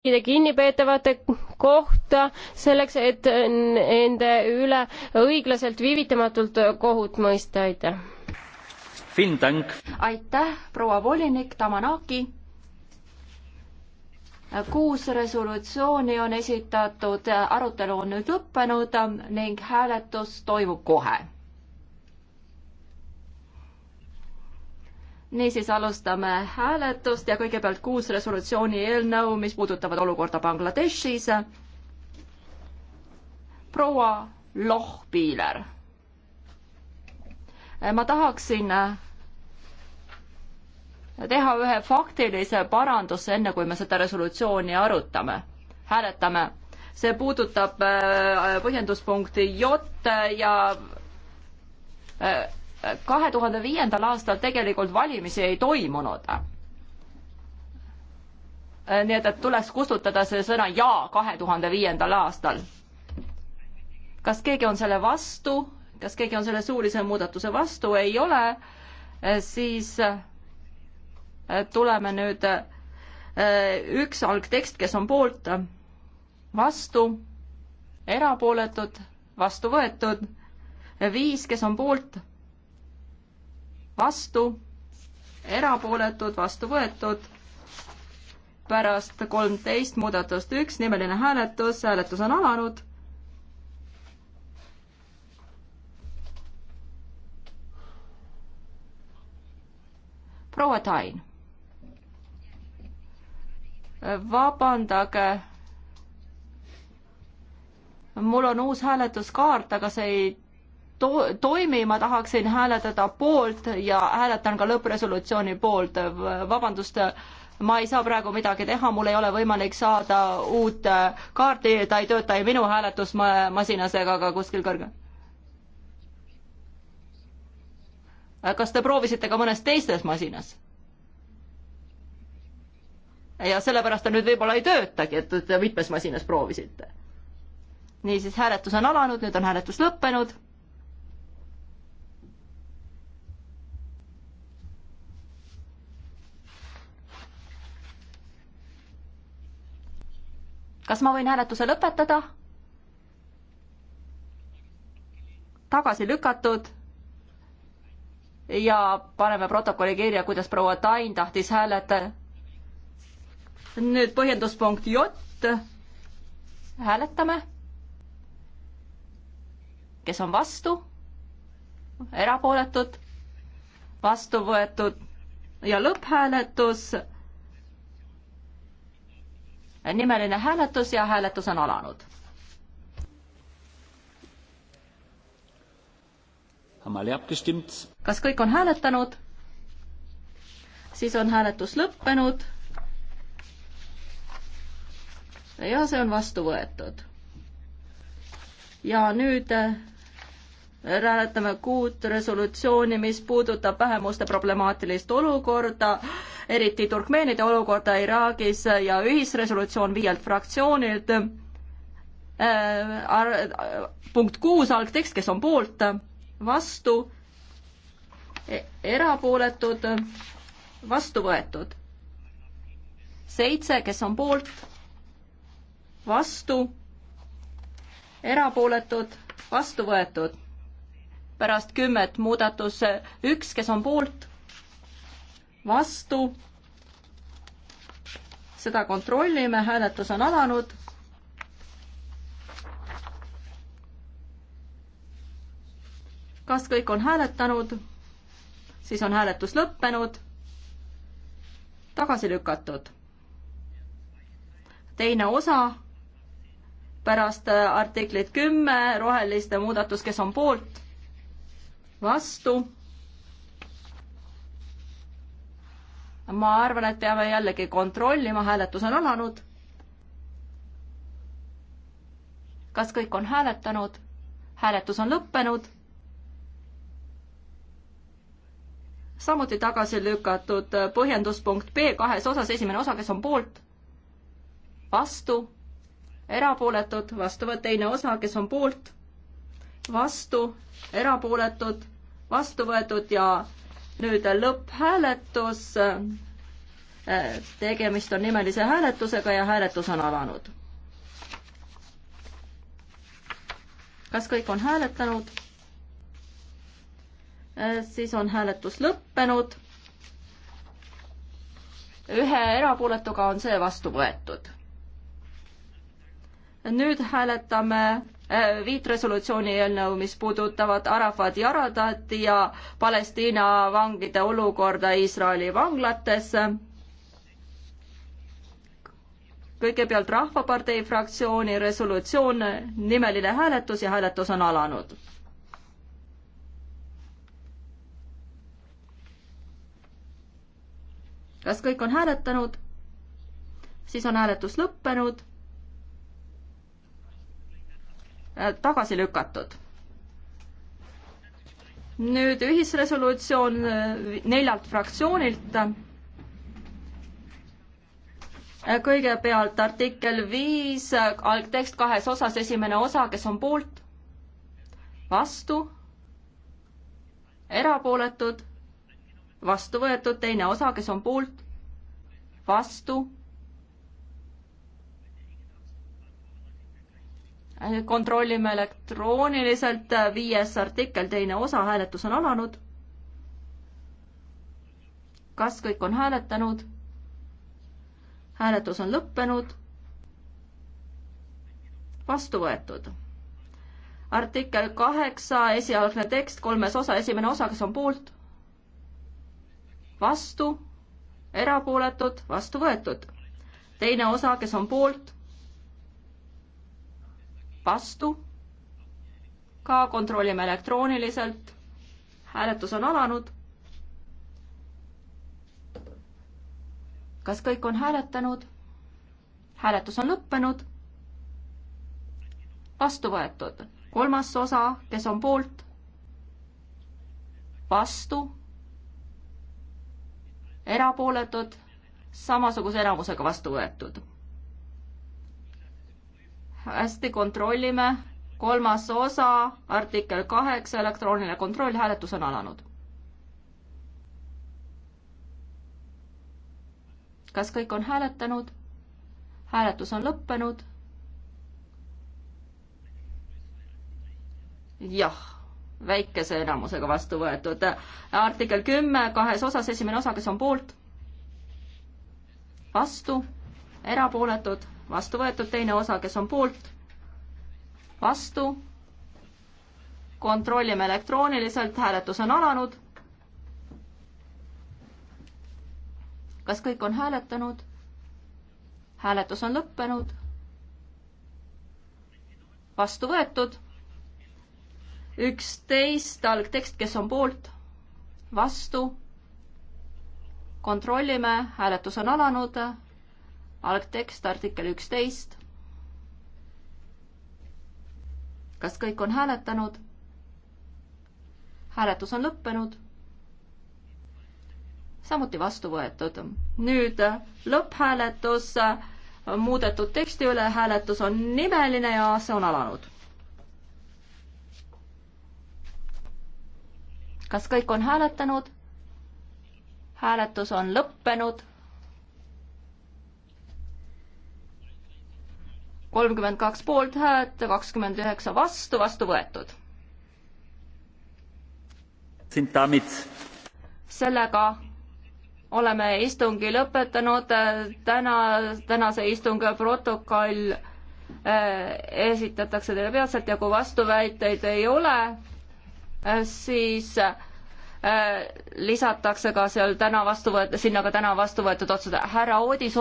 kõikide kinnipeetavate kohta selleks, et nende üle õiglaselt viivitamatult kohut mõista, aitäh. aitäh, proua volinik Tamanaki. kuus resolutsiooni on esitatud, arutelu on nüüd lõppenud ning hääletus toimub kohe niisiis alustame hääletust ja kõigepealt kuus resolutsiooni eelnõu, mis puudutavad olukorda Bangladeshis. proua Lohpiiler. ma tahaksin teha ühe faktilise paranduse, enne kui me seda resolutsiooni arutame, hääletame. see puudutab äh, põhjenduspunkti J ja äh, kahe tuhande viiendal aastal tegelikult valimisi ei toimunud. nii et, et tuleks kustutada see sõna ja kahe tuhande viiendal aastal. kas keegi on selle vastu, kas keegi on selle suulise muudatuse vastu, ei ole, siis eh, tuleme nüüd eh, üks algtekst, kes on poolt, vastu, erapooletud, vastu võetud, viis, kes on poolt vastu, erapooletud, vastu võetud. pärast kolmteist muudatust üks nimeline hääletus, hääletus on alanud. proua Tain. vabandage mul on uus hääletuskaart, aga see ei to toimima, tahaksin hääletada poolt ja hääletan ka lõppresolutsiooni poolt. vabandust, ma ei saa praegu midagi teha, mul ei ole võimalik saada uut kaarti, ta ei tööta ei minu hääletusmasinas ega ka kuskil kõrgel. kas te proovisite ka mõnes teises masinas? ja sellepärast ta nüüd võib-olla ei töötagi, et mitmes masinas proovisite. niisiis, hääletus on alanud, nüüd on hääletus lõppenud kas ma võin hääletuse lõpetada? tagasi lükatud ja paneme protokolli kirja, kuidas proua Tain tahtis hääletada. nüüd põhjenduspunkt J. hääletame. kes on vastu? erapooletud? vastu võetud ja lõpphääletus nimeline hääletus ja hääletus on alanud. kas kõik on hääletanud? siis on hääletus lõppenud. ja see on vastu võetud. ja nüüd äh, hääletame kuut resolutsiooni, mis puudutab vähemuste problemaatilist olukorda eriti turkmeenide olukorda Iraagis ja ühisresolutsioon viielt fraktsioonilt äh,. punkt kuus algtekst, kes on poolt, vastu, e-, erapooletud, vastu võetud. seitse, kes on poolt, vastu, erapooletud, vastu võetud pärast kümmet muudatus üks, kes on poolt, vastu. seda kontrollime, hääletus on alanud. kas kõik on hääletanud? siis on hääletus lõppenud. tagasi lükatud. teine osa pärast artiklit kümme roheliste muudatus, kes on poolt, vastu ma arvan, et peame jällegi kontrollima, hääletus on alanud. kas kõik on hääletanud? hääletus on lõppenud. samuti tagasi lükatud põhjenduspunkt B kahes osas, esimene osa, kes on poolt, vastu, erapooletud, vastuvõtt teine osa, kes on poolt, vastu, erapooletud, vastu võetud ja nüüd lõpphääletus. Äh, tegemist on nimelise hääletusega ja hääletus on alanud. kas kõik on hääletanud? Äh, siis on hääletus lõppenud. ühe erapooletuga on see vastu võetud. nüüd hääletame Äh, viit resolutsiooni eelnõu, mis puudutavad Arafat Jaradat ja Palestiina vangide olukorda Iisraeli vanglates. kõigepealt Rahvapartei fraktsiooni resolutsioon, nimeline hääletus ja hääletus on alanud. kas kõik on hääletanud? siis on hääletus lõppenud Äh, tagasi lükatud. nüüd ühisresolutsioon äh, neljalt fraktsioonilt. Äh, kõigepealt artikkel viis, algtekst kahes osas, esimene osa, kes on poolt, vastu, erapooletud, vastu võetud, teine osa, kes on poolt, vastu kontrollime elektrooniliselt, viies artikkel, teine osa, hääletus on alanud. kas kõik on hääletanud? hääletus on lõppenud. vastu võetud. artikkel kaheksa, esialgne tekst, kolmes osa, esimene osa, kes on poolt? vastu, erapooletud, vastu võetud. teine osa, kes on poolt vastu. ka kontrollime elektrooniliselt. hääletus on alanud. kas kõik on hääletanud? hääletus on lõppenud. vastu võetud. kolmas osa, kes on poolt? vastu. erapooletud, samasuguse enamusega vastu võetud hästi, kontrollime. kolmas osa, artikkel kaheksa, elektrooniline kontroll, hääletus on alanud. kas kõik on hääletanud? hääletus on lõppenud. jah, väikese enamusega vastu võetud. artikkel kümme kahes osas, esimene osa, kes on poolt? vastu, erapooletud vastu võetud, teine osa, kes on poolt, vastu, kontrollime elektrooniliselt, hääletus on alanud. kas kõik on hääletanud? hääletus on lõppenud. vastu võetud. üksteist algtekst, kes on poolt, vastu. kontrollime, hääletus on alanud algtekst, artikkel üksteist. kas kõik on hääletanud? hääletus on lõppenud. samuti vastu võetud. nüüd lõpphääletus muudetud teksti üle, hääletus on nimeline ja see on alanud. kas kõik on hääletanud? hääletus on lõppenud kolmkümmend kaks poolthäält, kakskümmend üheksa vastu, vastu võetud. sellega oleme istungi lõpetanud, täna, tänase istungi protokoll eh, esitatakse teile peatselt ja kui vastuväiteid ei ole, eh, siis eh, lisatakse ka seal täna vastu võet-, sinna ka täna vastu võetud otsused. härra Oodis